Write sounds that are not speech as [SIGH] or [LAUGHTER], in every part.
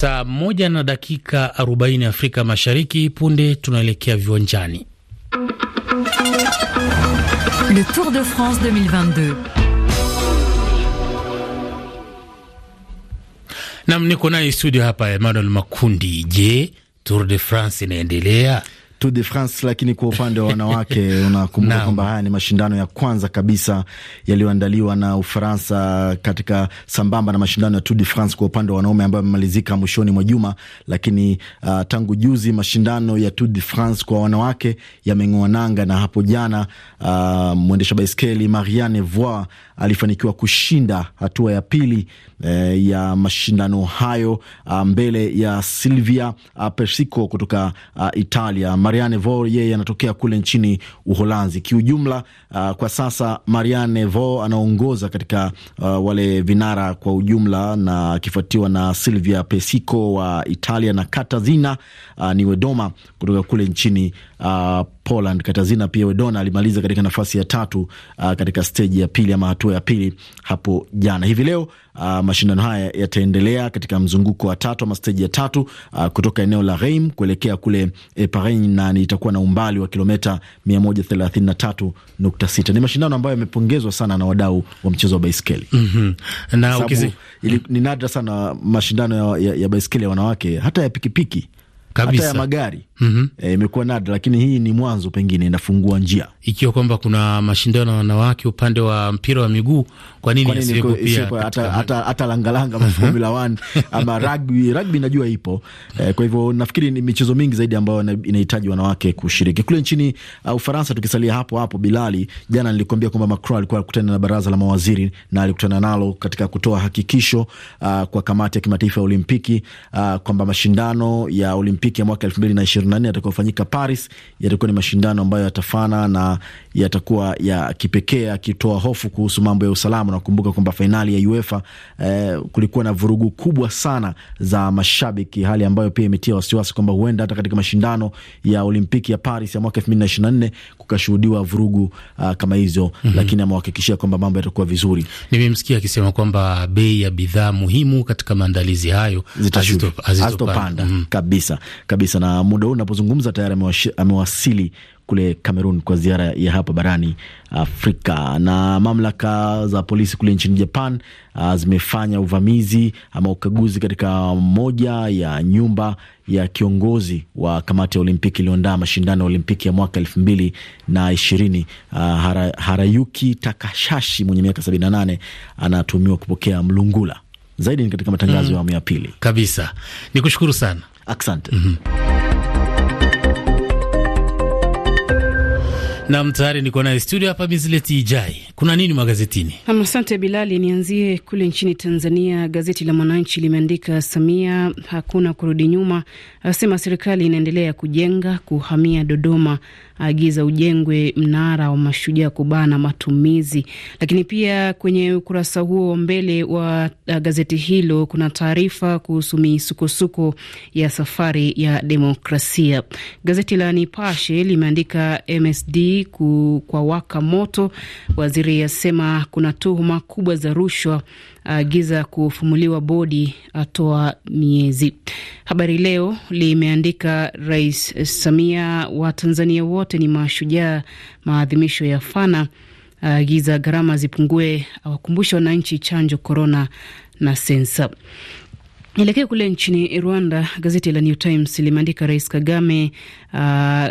Saa moja na dakika 40 Afrika Mashariki. Punde tunaelekea viwanjani. Le Tour de France 2022. Nam, niko naye studio hapa Emmanuel Makundi. Je, Tour de France inaendelea? Tour de France. Lakini kwa upande wa wanawake [LAUGHS] unakumbuka kwamba haya ni mashindano ya kwanza kabisa yaliyoandaliwa na Ufaransa katika sambamba na mashindano ya Tour de France kwa upande wa wanaume ambayo yamemalizika mwishoni mwa juma. Lakini uh, tangu juzi mashindano ya Tour de France kwa wanawake yameng'oa nanga, na hapo jana uh, mwendesha baiskeli Marianne Voi alifanikiwa kushinda hatua ya pili eh, ya mashindano hayo uh, mbele ya Silvia uh, Persico kutoka uh, Italia. Marianne Vo yeye anatokea kule nchini Uholanzi. Kiujumla uh, kwa sasa Marianne vo anaongoza katika uh, wale vinara kwa ujumla, na akifuatiwa na Silvia Pesico wa Italia na katazina uh, Niwedoma kutoka kule nchini uh, Poland. Katazina pia Wedona alimaliza katika nafasi ya tatu uh, katika steji ya pili ama hatua ya pili hapo jana. Hivi leo uh, mashindano haya yataendelea katika mzunguko wa tatu ama steji ya tatu uh, kutoka eneo la Reim kuelekea kule Paris eh, na itakuwa na umbali wa kilometa 133.6. Ni mashindano ambayo yamepongezwa sana na wadau wa mchezo wa baiskeli mm -hmm. na ukizi... ili, ni nadra sana mashindano ya, ya, ya baiskeli ya wanawake hata ya pikipiki kabisa. hata ya magari mm -hmm. E, nadra, lakini hii ni mwanzo, pengine inafungua njia. Ikiwa kwamba kuna mashindano ya wanawake upande wa mpira wa miguu, kwa nini pia hata langalanga [LAUGHS] Formula 1 ama rugby? Rugby najua ipo e, kwa hivyo nafikiri ni michezo mingi zaidi ambayo inahitaji wanawake kushiriki. Kule nchini uh, Ufaransa, tukisalia hapo hapo, Bilali, jana nilikwambia kwamba Macron alikuwa akutana na baraza la mawaziri na alikutana nalo katika kutoa hakikisho uh, kwa kamati ya kimataifa ya Olimpiki uh, kwamba mashindano ya Olimpiki ya mwaka elfu mbili na ishirini 24 atakaofanyika Paris yatakuwa ni mashindano ambayo yatafana na yatakuwa ya kipekee, akitoa hofu kuhusu mambo ya usalama. Nakumbuka kwamba fainali ya UEFA eh, kulikuwa na vurugu kubwa sana za mashabiki, hali ambayo pia imetia wasiwasi kwamba huenda hata katika mashindano ya Olimpiki ya Paris ya mwaka elfu mbili na ishirini na nne kukashuhudiwa vurugu uh, kama hizo mm -hmm. Lakini amewahakikishia kwamba mambo yatakuwa vizuri. Nimemsikia akisema kwamba bei ya bidhaa muhimu katika maandalizi hayo hazitopanda mm -hmm. kabisa kabisa, na muda huu napozungumza tayari amewasili kule Cameroon kwa ziara ya hapa barani Afrika. Na mamlaka za polisi kule nchini Japan ah, zimefanya uvamizi ama ukaguzi katika moja ya nyumba ya kiongozi wa kamati ya Olimpiki iliyoandaa mashindano ya Olimpiki ya mwaka elfu mbili na ishirini. Uh, hara, Harayuki Takashashi mwenye miaka nane anatumiwa kupokea mlungula zaidi. Ni katika matangazo mm, ya awamu ya pili kabisa. Ni kushukuru sana, asante. mm -hmm. Nam tayari niko naye studio hapa Mizileti Ijai. Kuna nini magazetini? Asante Bilali, nianzie kule nchini Tanzania. Gazeti la Mwananchi limeandika Samia hakuna kurudi nyuma, asema serikali inaendelea kujenga, kuhamia Dodoma, agiza ujengwe mnara wa mashujaa kubana matumizi. Lakini pia kwenye ukurasa huo wa mbele wa uh, gazeti hilo kuna taarifa kuhusu misukosuko ya safari ya demokrasia. Gazeti la Nipashe limeandika MSD Burundi ku, kwa waka moto. Waziri asema kuna tuhuma kubwa za rushwa, agiza uh, kufumuliwa bodi, atoa miezi. Habari Leo limeandika Rais Samia wa Tanzania wote ni mashujaa, maadhimisho ya fana agiza uh, gharama zipungue, awakumbusha wananchi chanjo korona na sensa. Nielekee kule nchini Rwanda. Gazeti la New Times limeandika Rais Kagame uh,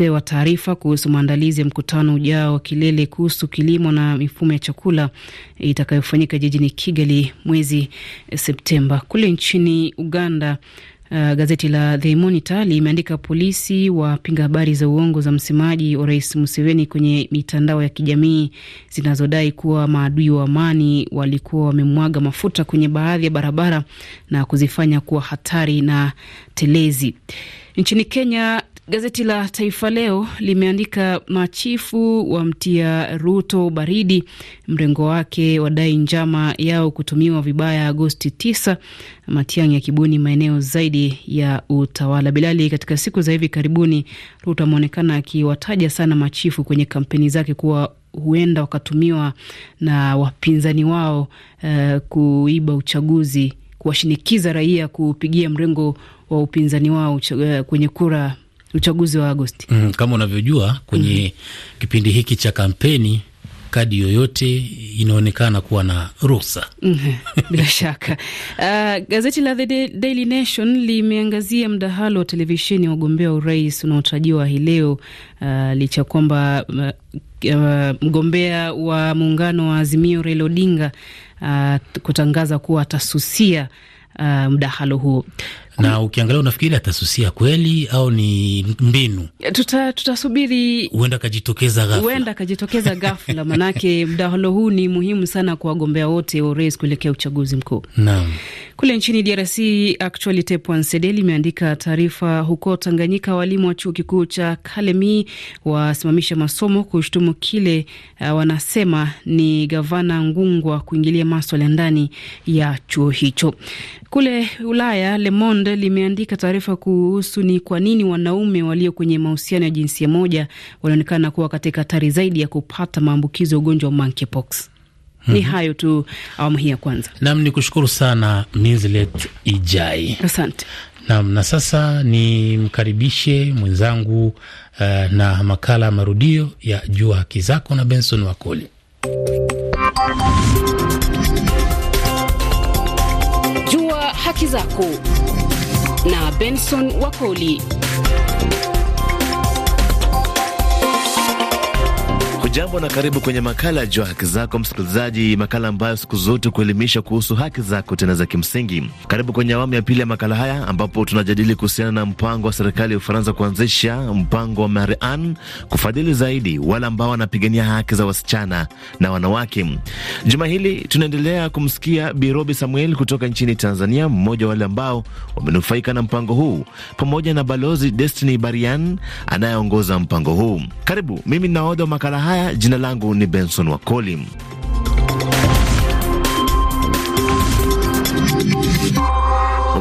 kupewa taarifa kuhusu maandalizi ya mkutano ujao wa kilele kuhusu kilimo na mifumo ya chakula itakayofanyika jijini Kigali mwezi Septemba. Kule nchini Uganda, Uh, gazeti la The Monitor limeandika polisi wapinga habari za uongo za msemaji wa Rais Museveni kwenye mitandao ya kijamii zinazodai kuwa maadui wa amani walikuwa wamemwaga mafuta kwenye baadhi ya barabara na kuzifanya kuwa hatari na telezi. Nchini Kenya, Gazeti la Taifa Leo limeandika machifu wa mtia Ruto baridi, mrengo wake wadai njama yao kutumiwa vibaya Agosti 9. Matiang'i akibuni maeneo zaidi ya utawala. Bilali, katika siku za hivi karibuni, Ruto ameonekana akiwataja sana machifu kwenye kampeni zake kuwa huenda wakatumiwa na wapinzani wao uh, kuiba uchaguzi, kuwashinikiza raia kupigia mrengo wa upinzani wao uh, kwenye kura uchaguzi wa Agosti. Mm, kama unavyojua kwenye mm -hmm. kipindi hiki cha kampeni kadi yoyote inaonekana kuwa na ruhusa. Mm-hmm. [LAUGHS] Bila shaka uh, gazeti la The Daily Nation limeangazia mdahalo wa televisheni ya wagombea wa urais unaotarajiwa hii leo uh, licha kwamba uh, Uh, mgombea wa muungano wa Azimio Raila Odinga uh, kutangaza kuwa atasusia uh, mdahalo huo na ukiangalia unafikiri atasusia kweli au ni mbinu? Tuta, tutasubiri, huenda akajitokeza ghafla, huenda akajitokeza ghafla manake [LAUGHS] mdahalo huu ni muhimu sana kwa wagombea wote wa urais kuelekea uchaguzi mkuu. Naam, kule nchini DRC Actualite Poinsedel imeandika taarifa, huko Tanganyika walimu wa chuo kikuu cha Kalemi wasimamisha masomo kushtumu kile uh, wanasema ni gavana Ngungwa kuingilia maswala ndani ya chuo hicho. Kule Ulaya Lemon Nation limeandika taarifa kuhusu ni kwa nini wanaume walio kwenye mahusiano ya jinsia moja wanaonekana kuwa katika hatari zaidi ya kupata maambukizo ya ugonjwa wa monkeypox. Mm -hmm. Ni mhm. hayo tu awamu hii ya kwanza. Nam ni kushukuru sana Mislet Ijai, asante nam. Na sasa ni mkaribishe mwenzangu uh, na makala ya marudio ya Jua Haki Zako na Benson Wakoli. Jua Haki Zako na Benson Wakoli. Hujambo na karibu kwenye makala ya Jua Haki Zako, msikilizaji, makala ambayo siku zote kuelimisha kuhusu haki zako tena za kimsingi. Karibu kwenye awamu ya pili ya makala haya ambapo tunajadili kuhusiana na mpango wa serikali ya Ufaransa kuanzisha mpango wa Marian kufadhili zaidi wale ambao wanapigania haki za wasichana na wanawake. Juma hili tunaendelea kumsikia Birobi Samuel kutoka nchini Tanzania, mmoja wa wale ambao wamenufaika na mpango huu, pamoja na Balozi Destiny Barian anayeongoza mpango huu. Karibu, mimi ninaodha makala haya Jina langu ni Benson Wakoli.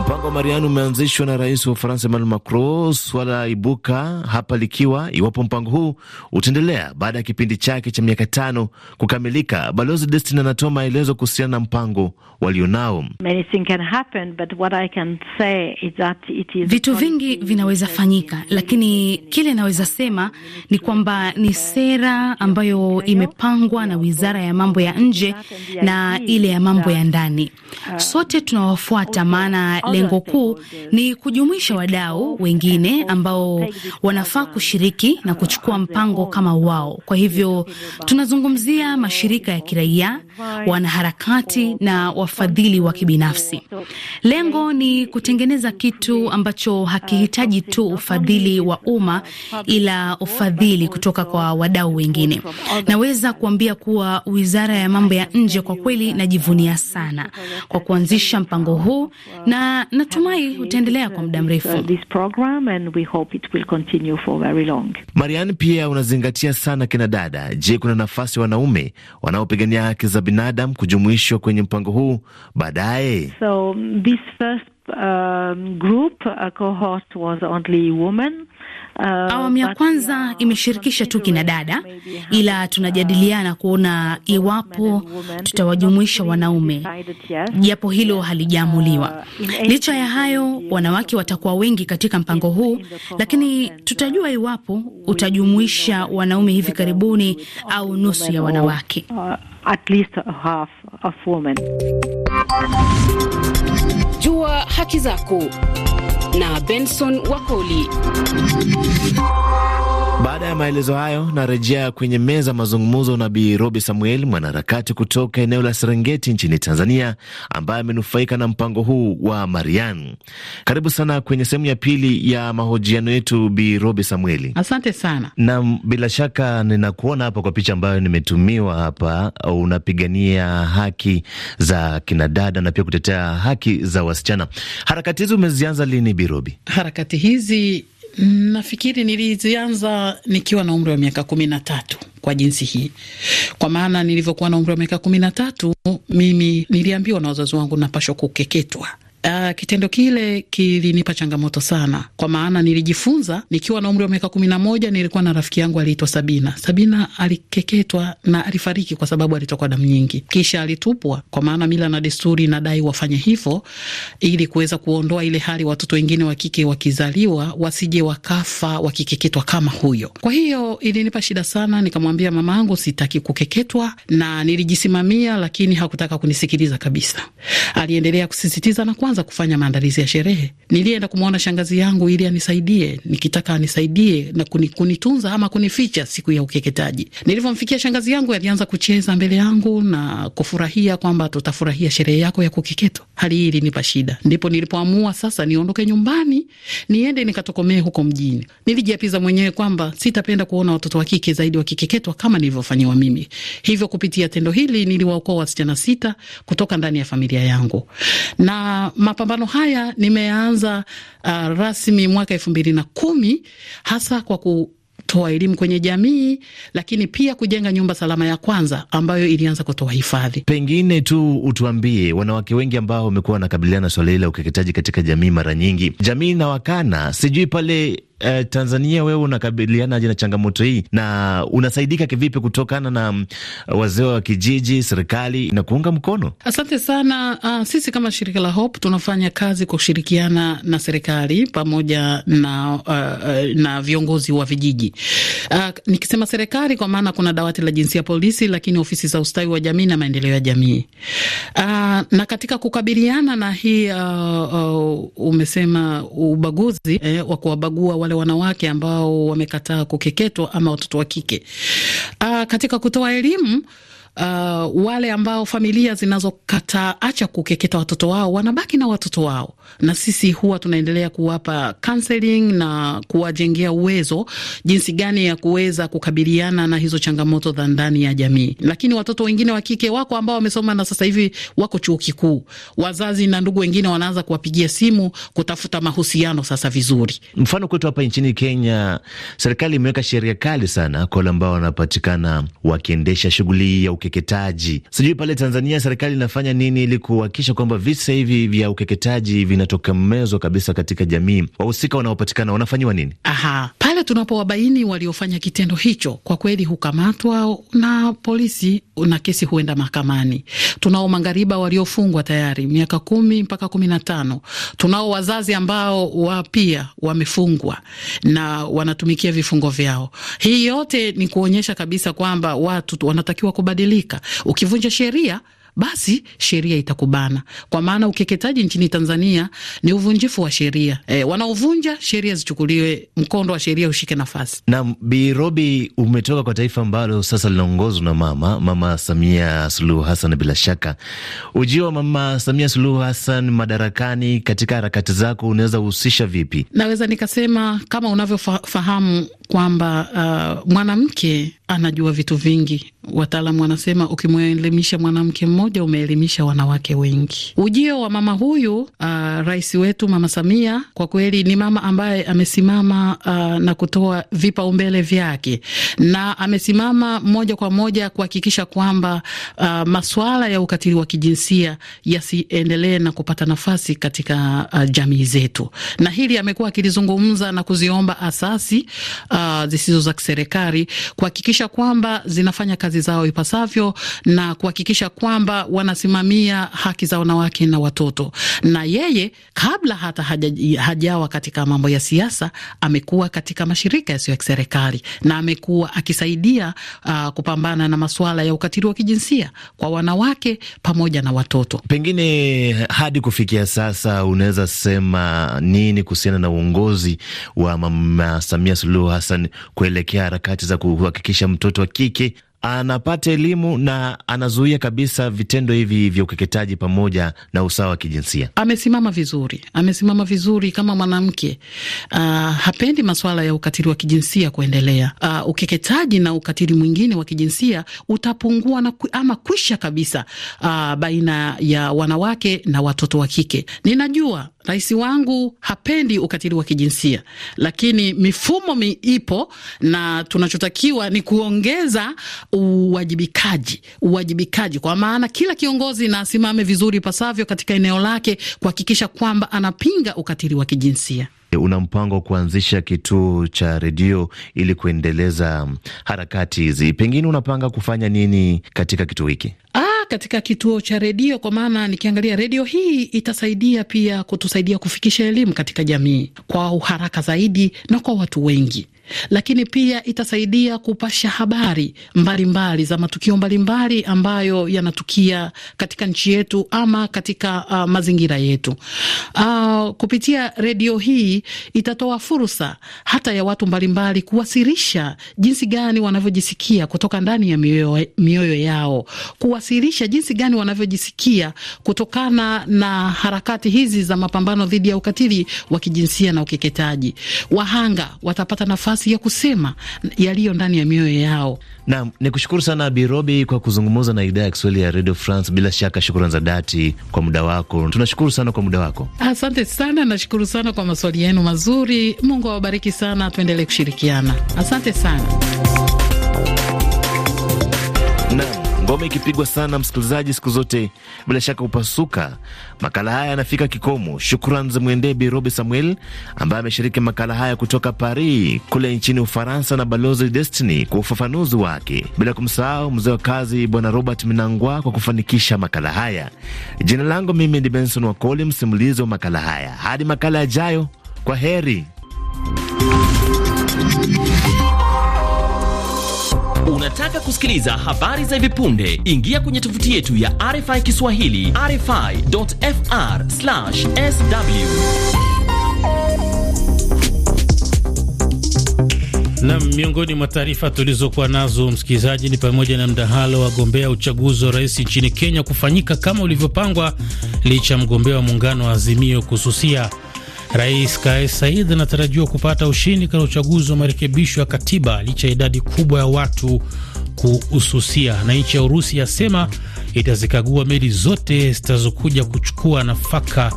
Mpango wa Mariani umeanzishwa na rais wa Ufaransa Emmanuel Macron, swala la ibuka hapa likiwa iwapo mpango huu utaendelea baada ya kipindi chake cha miaka tano kukamilika. Balozi Destin anatoa maelezo kuhusiana na mpango walionao. Vitu vingi vinaweza fanyika, lakini kile naweza sema ni kwamba ni sera ambayo imepangwa na wizara ya mambo ya nje na ile ya mambo ya ndani. Sote tunawafuata maana lengo kuu ni kujumuisha wadau wengine ambao wanafaa kushiriki na kuchukua mpango kama wao. Kwa hivyo tunazungumzia mashirika ya kiraia, wanaharakati na wafadhili wa kibinafsi. Lengo ni kutengeneza kitu ambacho hakihitaji tu ufadhili wa umma, ila ufadhili kutoka kwa wadau wengine. Naweza kuambia kuwa Wizara ya Mambo ya Nje kwa kweli najivunia sana kwa kuanzisha mpango huu na natumai utaendelea kwa muda mrefu. Uh, Marian, pia unazingatia sana kina dada. Je, kuna nafasi wanaume wanaopigania haki za binadamu kujumuishwa kwenye mpango huu baadaye? so, um, group, a uh, cohort was only women. Uh, Awamu ya kwanza imeshirikisha tu kina dada, ila tunajadiliana kuona iwapo tutawajumuisha wanaume, japo hilo halijaamuliwa. Uh, Licha ya hayo, wanawake watakuwa wengi katika mpango huu, lakini tutajua uh, iwapo utajumuisha wanaume hivi karibuni au nusu ya wanawake. Jua haki zako na Benson Wakoli. Baada ya maelezo hayo, narejea kwenye meza mazungumzo na Bi Robi Samuel, mwanaharakati kutoka eneo la Serengeti nchini Tanzania, ambaye amenufaika na mpango huu wa Marian. Karibu sana kwenye sehemu ya pili ya mahojiano yetu, Bi Robi samuel Asante sana. nam bila shaka ninakuona hapa kwa picha ambayo nimetumiwa hapa, unapigania haki za kinadada na pia kutetea haki za wasichana. Harakati hizi umezianza lini, Bi Robi? Harakati hizi Nafikiri nilizianza nikiwa na umri wa miaka kumi na tatu kwa jinsi hii, kwa maana nilivyokuwa na umri wa miaka kumi na tatu mimi niliambiwa na wazazi wangu napashwa kukeketwa Uh, kitendo kile kilinipa changamoto sana, kwa maana nilijifunza nikiwa na umri wa miaka kumi na moja. Nilikuwa na rafiki yangu aliitwa Sabina. Sabina alikeketwa na alifariki kwa sababu alitokwa damu nyingi, kisha alitupwa, kwa maana mila na desturi inadai wafanye hivyo ili kuweza kuondoa ile hali watoto wengine wa kike wakizaliwa wasije wakafa wakikeketwa kama huyo. Kwa hiyo ilinipa shida sana, nikamwambia mama yangu sitaki kukeketwa, na nilijisimamia, lakini hakutaka kunisikiliza kabisa. Aliendelea kusisitiza na kwa kwanza kufanya maandalizi ya sherehe. Nilienda kumwona shangazi yangu ili anisaidie, nikitaka anisaidie na kunitunza ama kunificha siku ya ukeketaji. Nilivyomfikia shangazi yangu, alianza kucheza mbele yangu na kufurahia kwamba tutafurahia sherehe yako ya kukeketwa. Hali hii ilinipa shida, ndipo nilipoamua sasa niondoke nyumbani, niende nikatokomee huko mjini. Nilijiapiza mwenyewe kwamba sitapenda kuona watoto wa kike zaidi wakikeketwa kama nilivyofanyiwa mimi. Hivyo kupitia tendo hili niliwaokoa wasichana sita kutoka ndani ya familia yangu na mapambano haya nimeanza uh, rasmi mwaka elfu mbili na kumi hasa kwa ku toa elimu kwenye jamii lakini pia kujenga nyumba salama ya kwanza ambayo ilianza kutoa hifadhi. Pengine tu utuambie, wanawake wengi ambao wamekuwa wanakabiliana na swala hili la ukeketaji katika jamii, mara nyingi jamii na wakana, sijui pale eh, Tanzania wewe unakabilianaje na changamoto hii na unasaidika kivipi kutokana na mm, wazee wa kijiji, serikali na kuunga mkono? Asante sana. Uh, sisi kama shirika la Hope tunafanya kazi kwa kushirikiana na serikali pamoja na, uh, na viongozi wa vijiji. Uh, nikisema serikali kwa maana kuna dawati la jinsia polisi, lakini ofisi za ustawi wa jamii na maendeleo ya jamii. Uh, na katika kukabiliana na hii uh, uh, umesema ubaguzi eh, wa kuwabagua wale wanawake ambao wamekataa kukeketwa ama watoto wa kike. Uh, katika kutoa elimu Uh, wale ambao familia zinazokataa acha kukeketa watoto wao wanabaki na watoto wao na sisi huwa tunaendelea kuwapa counseling na kuwajengea uwezo jinsi gani ya kuweza kukabiliana na hizo changamoto za ndani ya jamii. Lakini watoto wengine wa kike wako ambao wamesoma na sasa hivi wako chuo kikuu, wazazi na ndugu wengine wanaanza kuwapigia simu kutafuta mahusiano sasa vizuri. Mfano kwetu hapa nchini Kenya, serikali imeweka sheria kali sana kwa wale ambao wanapatikana wakiendesha shughuli ya ukeketaji. Sijui pale Tanzania serikali inafanya nini ili kuhakikisha kwamba visa hivi vya ukeketaji hivi linatokomezwa kabisa katika jamii, wahusika wanaopatikana wanafanyiwa nini? Aha, pale tunapowabaini waliofanya kitendo hicho, kwa kweli hukamatwa na polisi na kesi huenda mahakamani. Tunao mangariba waliofungwa tayari miaka kumi mpaka kumi na tano. Tunao wazazi ambao wa pia wamefungwa na wanatumikia vifungo vyao. Hii yote ni kuonyesha kabisa kwamba watu wanatakiwa kubadilika. Ukivunja sheria basi sheria itakubana, kwa maana ukeketaji nchini Tanzania ni uvunjifu wa sheria. E, wanaovunja sheria zichukuliwe, mkondo wa sheria ushike nafasi. nam Bi Robi, umetoka kwa taifa ambalo sasa linaongozwa na mama Mama Samia Suluhu Hassan. Bila shaka ujio wa Mama Samia Suluhu Hassan madarakani katika harakati zako unaweza uhusisha vipi? Naweza nikasema kama unavyofahamu kwamba uh, mwanamke anajua vitu vingi. Wataalamu wanasema ukimwelimisha mwanamke mmoja umeelimisha wanawake wengi. Ujio wa mama huyu uh, rais wetu Mama Samia kwa kweli ni mama ambaye amesimama uh, na kutoa vipaumbele vyake na amesimama moja kwa moja kuhakikisha kwamba uh, masuala ya ukatili wa kijinsia yasiendelee na kupata nafasi katika uh, jamii zetu, na hili amekuwa akilizungumza na kuziomba asasi uh, uh, zisizo za kiserikali kuhakikisha kwamba zinafanya kazi zao ipasavyo na kuhakikisha kwamba wanasimamia haki za wanawake na watoto. Na yeye kabla hata hajawa katika mambo ya siasa amekuwa katika mashirika yasiyo ya kiserikali na amekuwa akisaidia uh, kupambana na masuala ya ukatili wa kijinsia kwa wanawake pamoja na watoto. Pengine hadi kufikia sasa unaweza sema nini kuhusiana na uongozi wa Mama Samia Suluhu Hassan Hassan kuelekea harakati za kuhakikisha mtoto wa kike anapata elimu na anazuia kabisa vitendo hivi vya ukeketaji pamoja na usawa wa kijinsia. Amesimama vizuri, amesimama vizuri kama mwanamke. Uh, hapendi maswala ya ukatili wa kijinsia kuendelea. Uh, ukeketaji na ukatili mwingine wa kijinsia utapungua na ama kwisha kabisa, uh, baina ya wanawake na watoto wa kike. Ninajua rais wangu hapendi ukatili wa kijinsia, lakini mifumo miipo na tunachotakiwa ni kuongeza uwajibikaji, uwajibikaji kwa maana kila kiongozi na asimame vizuri pasavyo katika eneo lake kuhakikisha kwamba anapinga ukatili wa kijinsia. Una mpango wa kuanzisha kituo cha redio ili kuendeleza harakati hizi, pengine unapanga kufanya nini katika kituo hiki? Ah, katika kituo cha redio kwa maana nikiangalia redio hii itasaidia pia kutusaidia kufikisha elimu katika jamii kwa uharaka zaidi na kwa watu wengi lakini pia itasaidia kupasha habari mbalimbali mbali za matukio mbalimbali mbali ambayo yanatukia katika nchi yetu ama katika uh, mazingira yetu. Uh, kupitia redio hii itatoa fursa hata ya watu mbalimbali mbali kuwasilisha jinsi gani wanavyojisikia kutoka ndani ya mioyo, mioyo yao, kuwasilisha jinsi gani wanavyojisikia kutokana na harakati hizi za mapambano dhidi ya ukatili wa kijinsia na ukeketaji. Wahanga watapata nafasi nafasi ya kusema yaliyo ndani ya mioyo yao. Naam, ni kushukuru sana Birobi kwa kuzungumza na idhaa ya Kiswahili ya Radio France. Bila shaka shukrani za dhati kwa muda wako, tunashukuru sana kwa muda wako. Asante sana, nashukuru sana kwa maswali yenu mazuri. Mungu awabariki sana, tuendelee kushirikiana. Asante sana ngoma ikipigwa sana, msikilizaji, siku zote bila shaka hupasuka. Makala haya yanafika kikomo. shukran zimwendee Bi Robi Samuel ambaye ameshiriki makala haya kutoka Paris kule nchini Ufaransa na Balozi Destiny kwa ufafanuzi wake, bila kumsahau mzee wa kazi Bwana Robert Minangwa kwa kufanikisha makala haya. Jina langu mimi ni Benson Wakoli, msimulizi wa makala haya. Hadi makala yajayo, kwa heri. Unataka kusikiliza habari za hivi punde? Ingia kwenye tovuti yetu ya RFI Kiswahili, rfi.fr/sw. Na miongoni mwa taarifa tulizokuwa nazo msikilizaji, ni pamoja na mdahalo wa wagombea uchaguzi wa rais nchini Kenya kufanyika kama ulivyopangwa licha mgombea wa muungano wa Azimio kususia. Rais Kais Saied anatarajiwa kupata ushindi katika uchaguzi wa marekebisho ya katiba licha ya idadi kubwa ya watu kuhususia. Na nchi ya Urusi yasema itazikagua meli zote zitazokuja kuchukua nafaka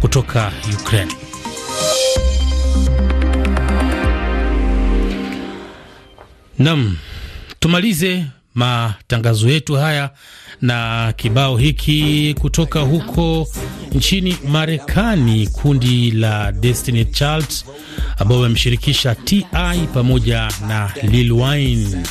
kutoka Ukraine. Nam, tumalize matangazo yetu haya na kibao hiki kutoka huko nchini Marekani, kundi la Destiny Child ambao wamemshirikisha Ti pamoja na Lil Wayne.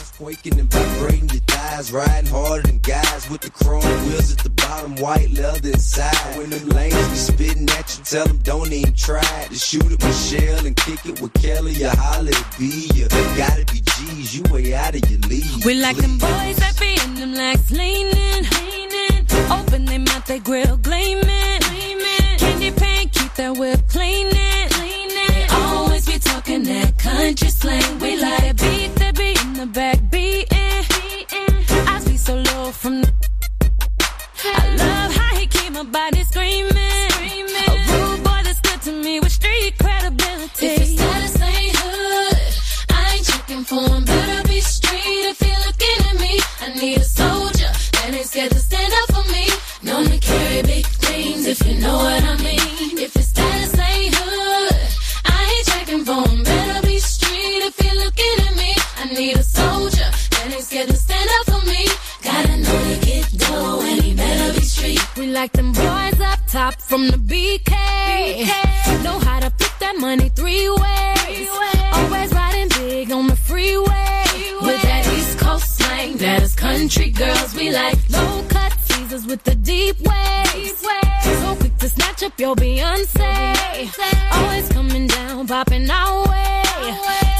eyes, riding harder than guys with the chrome wheels at the bottom, white leather inside. When them lanes be spitting at you, tell them don't even try to shoot at Michelle and kick it with Kelly or Holly B. You gotta be G's, you way out of your league. We like them boys that be in them legs leaning, leaning. Open their mouth, they grill gleaming, gleaming. Candy paint, keep that whip cleaning, cleaning. They always be talking that country slang. We like that beat that be in the back beat from. I love how he keep my body screaming. popping our way.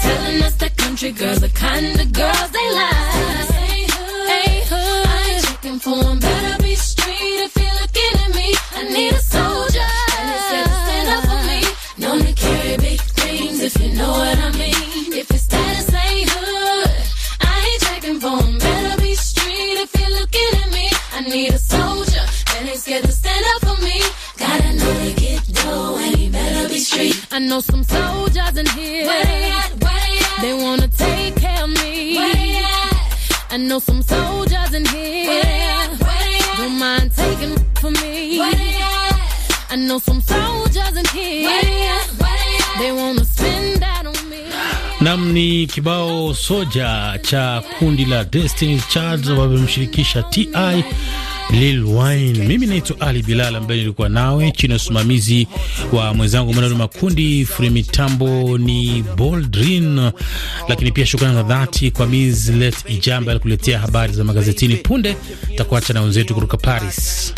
Telling us that country girls the kind of girls they like. Hey, hood. I ain't checking for better. know some soldiers in here. Where they at? Where they at? They wanna take care of me. Where they at? I know some soldiers in here. Where they at? Where they at? Don't mind taking for me. Where they at? I know some soldiers in here. Where they at? Where they at? They wanna spend that on me. Nam ni kibao soja cha kundi la Destiny's Child wamemshirikisha TI Lil Wine. Mimi naitwa Ali Bilal ambaye nilikuwa nawe chini ya usimamizi wa mwenzangu Manado Makundi. Free mitambo ni Boldrin, lakini pia shukrani za dhati kwa Mislet Ijamba alikuletea habari za magazetini. Punde takuacha na wenzetu kutoka Paris.